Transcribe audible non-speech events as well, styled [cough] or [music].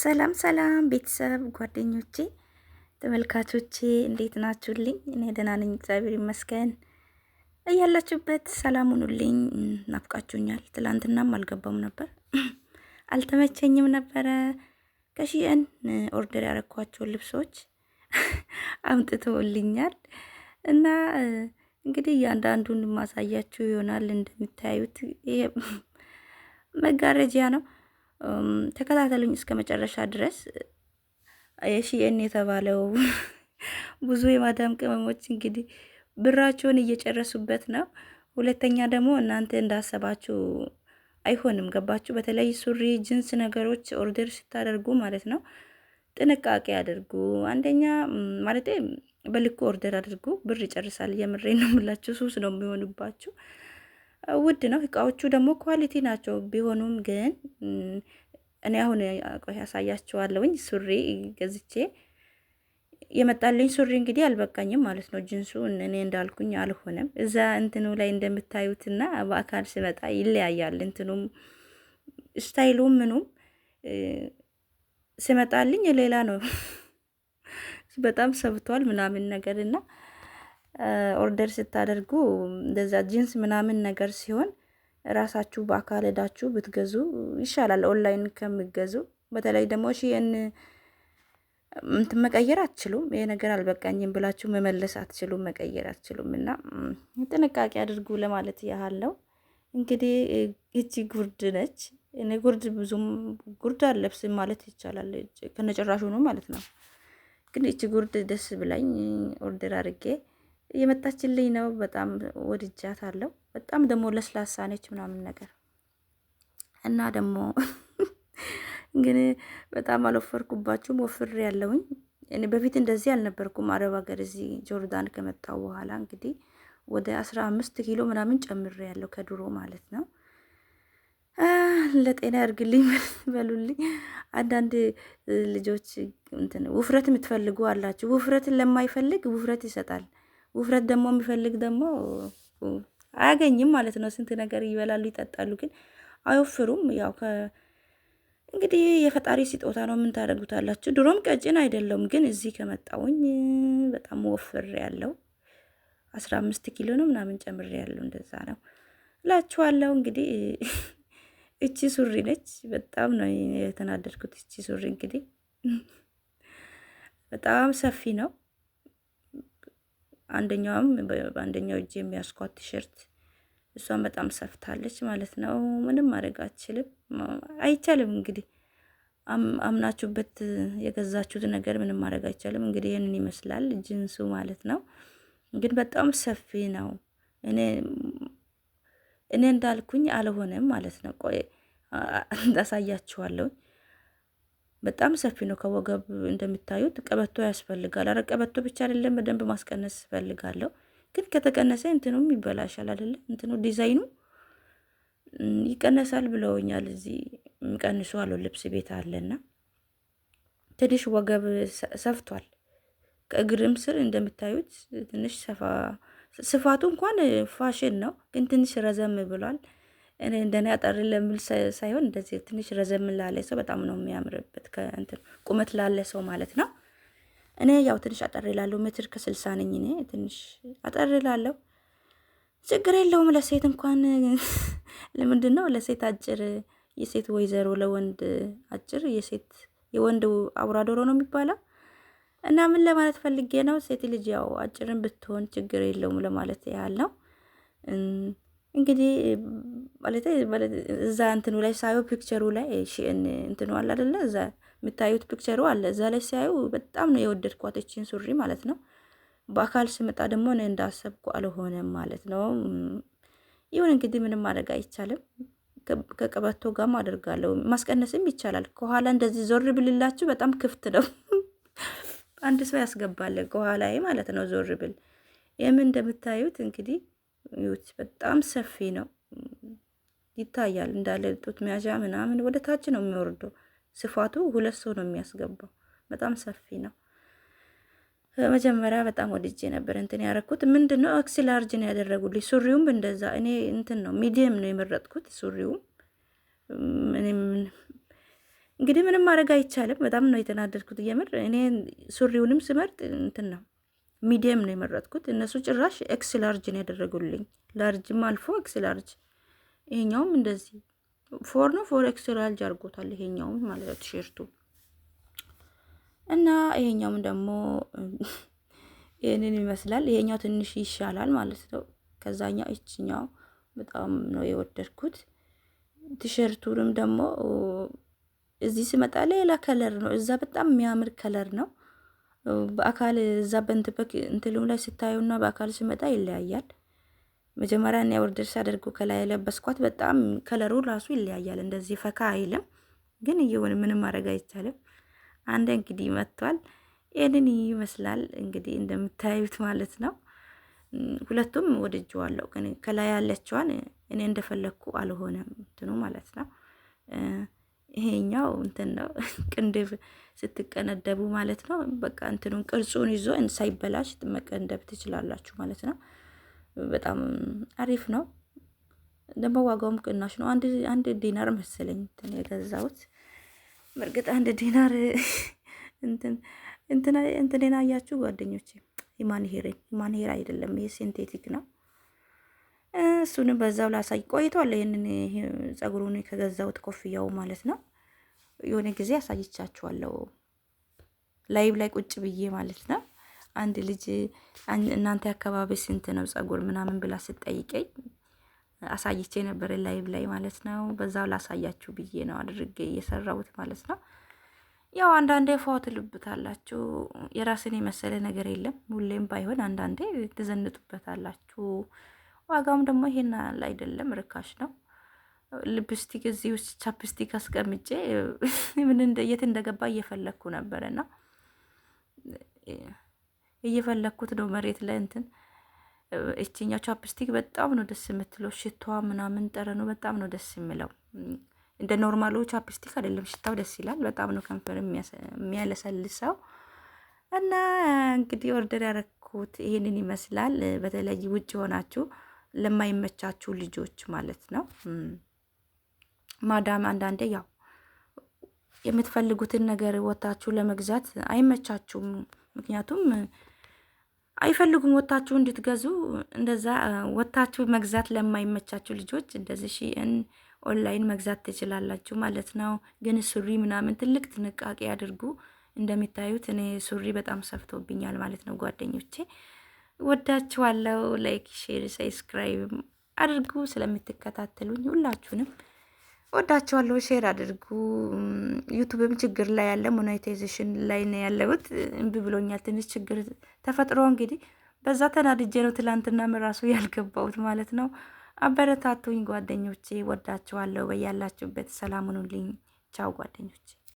ሰላም ሰላም ቤተሰብ ጓደኞቼ ተመልካቾቼ እንዴት ናችሁልኝ? እኔ ደህና ነኝ፣ እግዚአብሔር ይመስገን። እያላችሁበት ሰላም ሁኑልኝ። ናፍቃችሁኛል። ትላንትናም አልገባም ነበር፣ አልተመቸኝም ነበረ። ከሺን ኦርደር ያረኳቸውን ልብሶች አምጥተውልኛል እና እንግዲህ እያንዳንዱን ማሳያችሁ ይሆናል። እንደምታዩት መጋረጃ ነው ተከታተሉኝ እስከ መጨረሻ ድረስ። የሺኤን የተባለው [laughs] ብዙ የማዳም ቅመሞች እንግዲህ ብራቸውን እየጨረሱበት ነው። ሁለተኛ ደግሞ እናንተ እንዳሰባችሁ አይሆንም። ገባችሁ? በተለይ ሱሪ፣ ጅንስ ነገሮች ኦርደር ስታደርጉ ማለት ነው ጥንቃቄ አድርጉ። አንደኛ ማለት በልኩ ኦርደር አድርጉ፣ ብር ይጨርሳል። የምሬ ነው የምላችሁ፣ ሱስ ነው የሚሆኑባችሁ። ውድ ነው። እቃዎቹ ደግሞ ኳሊቲ ናቸው። ቢሆኑም ግን እኔ አሁን ቆይ ያሳያችኋለሁኝ። ሱሪ ገዝቼ የመጣልኝ ሱሪ እንግዲህ አልበቃኝም ማለት ነው። ጅንሱ እኔ እንዳልኩኝ አልሆነም። እዛ እንትኑ ላይ እንደምታዩትና በአካል ስመጣ ይለያያል። እንትኑም ስታይሉም ምኑም ስመጣልኝ ሌላ ነው። በጣም ሰብቷል ምናምን ነገር እና ኦርደር ስታደርጉ እንደዛ ጂንስ ምናምን ነገር ሲሆን ራሳችሁ በአካል ሄዳችሁ ብትገዙ ይሻላል ኦንላይን ከሚገዙ በተለይ ደግሞ ሺን እንትን መቀየር አትችሉም። ይሄ ነገር አልበቃኝም ብላችሁ መመለስ አትችሉም፣ መቀየር አትችሉም። እና ጥንቃቄ አድርጉ ለማለት ያህል ነው። እንግዲህ እቺ ጉርድ ነች። እኔ ጉርድ ብዙም ጉርድ አለብስም ማለት ይቻላል፣ ከነጭራሹ ነው ማለት ነው። ግን እቺ ጉርድ ደስ ብላኝ ኦርደር አድርጌ የመጣችልኝ ነው። በጣም ወድጃት አለው። በጣም ደግሞ ለስላሳ ነች ምናምን ነገር እና ደግሞ [laughs] ግን በጣም አልወፈርኩባችሁም፣ ወፍር ያለውኝ እኔ በፊት እንደዚህ አልነበርኩም። አረብ ሀገር እዚህ ጆርዳን ከመጣው በኋላ እንግዲህ ወደ አስራ አምስት ኪሎ ምናምን ጨምር ያለው ከድሮ ማለት ነው። ለጤና ያርግልኝ በሉልኝ። አንዳንድ ልጆች ውፍረት የምትፈልጉ አላችሁ። ውፍረትን ለማይፈልግ ውፍረት ይሰጣል። ውፍረት ደግሞ የሚፈልግ ደግሞ አያገኝም ማለት ነው። ስንት ነገር ይበላሉ ይጠጣሉ፣ ግን አይወፍሩም። ያው እንግዲህ የፈጣሪ ስጦታ ነው። ምን ታደርጉታላችሁ? ድሮም ቀጭን አይደለም፣ ግን እዚህ ከመጣውኝ በጣም ወፍር ያለው አስራ አምስት ኪሎ ነው ምናምን ጨምር ያለው እንደዛ ነው እላችኋለሁ። እንግዲህ እቺ ሱሪ ነች። በጣም ነው የተናደድኩት። እቺ ሱሪ እንግዲህ በጣም ሰፊ ነው። አንደኛውም በአንደኛው እጅ የሚያስኳት ቲሸርት እሷን በጣም ሰፍታለች ማለት ነው። ምንም ማድረግ አትችልም፣ አይቻልም። እንግዲህ አምናችሁበት የገዛችሁት ነገር ምንም ማድረግ አይቻልም። እንግዲህ ይህንን ይመስላል ጅንሱ ማለት ነው። ግን በጣም ሰፊ ነው። እኔ እኔ እንዳልኩኝ አልሆነም ማለት ነው። ቆይ እንዳሳያችኋለሁ። በጣም ሰፊ ነው። ከወገብ እንደምታዩት ቀበቶ ያስፈልጋል። አረ ቀበቶ ብቻ አይደለም በደንብ ማስቀነስ ይፈልጋለሁ። ግን ከተቀነሰ እንትኑም ይበላሻል አይደለ? እንትኑ ዲዛይኑ ይቀነሳል ብለውኛል። እዚህ ቀንሱ አለ ልብስ ቤት አለና ትንሽ ወገብ ሰፍቷል። ከእግርም ስር እንደምታዩት ትንሽ ሰፋ ስፋቱ እንኳን ፋሽን ነው፣ ግን ትንሽ ረዘም ብሏል። እኔ እንደኔ አጠር ለሚል ሳይሆን እንደዚህ ትንሽ ረዘም ላለ ሰው በጣም ነው የሚያምርበት፣ ከእንትን ቁመት ላለ ሰው ማለት ነው። እኔ ያው ትንሽ አጠር ላለው ሜትር ከስልሳ ነኝ። እኔ ትንሽ አጠር ላለው ችግር የለውም። ለሴት እንኳን [laughs] ለምንድን ነው ለሴት አጭር የሴት ወይዘሮ ለወንድ አጭር የሴት የወንድ አውራ ዶሮ ነው የሚባለው። እና ምን ለማለት ፈልጌ ነው ሴት ልጅ ያው አጭርን ብትሆን ችግር የለውም ለማለት ያህል ነው እንግዲህ ማለት እዛ እንትኑ ላይ ሳየው ፒክቸሩ ላይ እንትኑ አለ አደለ፣ እዛ የምታዩት ፒክቸሩ አለ እዛ ላይ ሲያዩ በጣም ነው የወደድኳት እችን ሱሪ ማለት ነው። በአካል ስመጣ ደግሞ እኔ እንዳሰብኩ አልሆነም ማለት ነው። ይሁን እንግዲህ ምንም ማድረግ አይቻልም። ከቀበቶ ጋም አደርጋለሁ ማስቀነስም ይቻላል። ከኋላ እንደዚህ ዞር ብልላችሁ በጣም ክፍት ነው። [laughs] አንድ ሰው ያስገባል ከኋላ ማለት ነው ዞር ብል። ይህም እንደምታዩት እንግዲህ በጣም ሰፊ ነው። ይታያል እንዳለ ጡት መያዣ ምናምን ወደ ታች ነው የሚወርደው። ስፋቱ ሁለት ሰው ነው የሚያስገባው። በጣም ሰፊ ነው። መጀመሪያ በጣም ወድጄ ነበር እንትን ያረኩት። ምንድነው ኤክስ ላርጅ ነው ያደረጉልኝ። ሱሪውም እንደዛ እኔ እንትን ነው ሚዲየም ነው የመረጥኩት። ሱሪውም እንግዲህ ምንም ማድረግ አይቻልም። በጣም ነው የተናደድኩት። እየምር እኔ ሱሪውንም ስመርጥ እንትን ነው ሚዲየም ነው የመረጥኩት። እነሱ ጭራሽ ኤክስ ላርጅ ነው ያደረጉልኝ። ላርጅም አልፎ ኤክስ ላርጅ ይሄኛውም እንደዚህ ፎር ነው። ፎር ኤክስ ላርጅ አድርጎታል። ይሄኛውም ማለት ነው ቲሸርቱ እና ይሄኛውም ደግሞ ይህንን ይመስላል። ይሄኛው ትንሽ ይሻላል ማለት ነው ከዛኛው። ይችኛው በጣም ነው የወደድኩት። ቲሸርቱንም ደግሞ እዚህ ስመጣ ሌላ ከለር ነው። እዛ በጣም የሚያምር ከለር ነው። በአካል እዛ በንትበክ እንትሉም ላይ ስታዩና በአካል ስመጣ ይለያያል። መጀመሪያ እኔ ኦርደር ሳደርገው ከላይ የለበስኳት በጣም ከለሩ ራሱ ይለያያል። እንደዚህ ፈካ አይልም፣ ግን እየሆነ ምንም ማድረግ አይቻልም። አንድ እንግዲህ መጥቷል። ይህንን ይመስላል እንግዲህ እንደምታዩት ማለት ነው። ሁለቱም ወድጄዋለሁ፣ ግን ከላይ ያለችዋን እኔ እንደፈለግኩ አልሆነም እንትኑ ማለት ነው። ይሄኛው እንትን ነው ቅንድብ ስትቀነደቡ ማለት ነው። በቃ እንትኑን ቅርጹን ይዞ ሳይበላሽ መቀንደብ ትችላላችሁ ማለት ነው። በጣም አሪፍ ነው። ደግሞ ዋጋውም ቅናሽ ነው። አንድ ዲናር መሰለኝ እንትን የገዛሁት በእርግጥ አንድ ዲናር [laughs] እንትን እያችሁ እንትኔን አያችሁ ጓደኞቼ፣ አይደለም ይህ ሲንቴቲክ ነው። እሱንም በዛው ላሳይ ቆይቷል። ይህንን ጸጉሩን ከገዛሁት ኮፍያው ማለት ነው የሆነ ጊዜ አሳይቻችኋለሁ ላይብ ላይ ቁጭ ብዬ ማለት ነው። አንድ ልጅ እናንተ አካባቢ ስንት ነው ጸጉር ምናምን ብላ ስጠይቀኝ አሳይቼ ነበር ላይቭ ላይ ማለት ነው። በዛው ላሳያችሁ ብዬ ነው አድርጌ እየሰራሁት ማለት ነው። ያው አንዳንዴ ፏ ትልብታላችሁ። የራስን የመሰለ ነገር የለም። ሁሌም ባይሆን አንዳንዴ ትዘንጡበታላችሁ። ዋጋውም ደግሞ ይሄን አይደለም፣ ርካሽ ነው። ልብስቲክ እዚህ ውስጥ ቻፕስቲክ አስቀምጬ ምን የት እንደገባ እየፈለግኩ ነበረና እየፈለግኩት ነው መሬት ላይ እንትን እችኛው ቻፕስቲክ በጣም ነው ደስ የምትለው። ሽታዋ ምናምን ጠረኑ በጣም ነው ደስ የሚለው። እንደ ኖርማሉ ቻፕስቲክ አይደለም፣ ሽታው ደስ ይላል። በጣም ነው ከንፈር የሚያለሰልሰው። እና እንግዲህ ኦርደር ያረኩት ይሄንን ይመስላል። በተለይ ውጭ ሆናችሁ ለማይመቻችሁ ልጆች ማለት ነው። ማዳም አንዳንዴ ያው የምትፈልጉትን ነገር ወታችሁ ለመግዛት አይመቻችሁም። ምክንያቱም አይፈልጉም ወታችሁ እንድትገዙ። እንደዛ ወታችሁ መግዛት ለማይመቻችሁ ልጆች እንደዚህ ሺእን ኦንላይን መግዛት ትችላላችሁ ማለት ነው። ግን ሱሪ ምናምን ትልቅ ጥንቃቄ አድርጉ። እንደሚታዩት እኔ ሱሪ በጣም ሰፍቶብኛል ማለት ነው ጓደኞቼ። ወዳችኋለሁ። ላይክ፣ ሼር፣ ሰብስክራይብ አድርጉ። ስለምትከታተሉኝ ሁላችሁንም ወዳቸዋለሁ። ሼር አድርጉ። ዩቱብም ችግር ላይ ያለ ሞኔታይዜሽን ላይ ነው ያለሁት። እምቢ ብሎኛል። ትንሽ ችግር ተፈጥሮ እንግዲህ በዛ ተናድጄ ነው ትላንትና ምራሱ ያልገባሁት ማለት ነው። አበረታቱኝ ጓደኞቼ፣ ወዳቸዋለሁ። በያላችሁበት ሰላም ሁኑልኝ። ቻው ጓደኞቼ።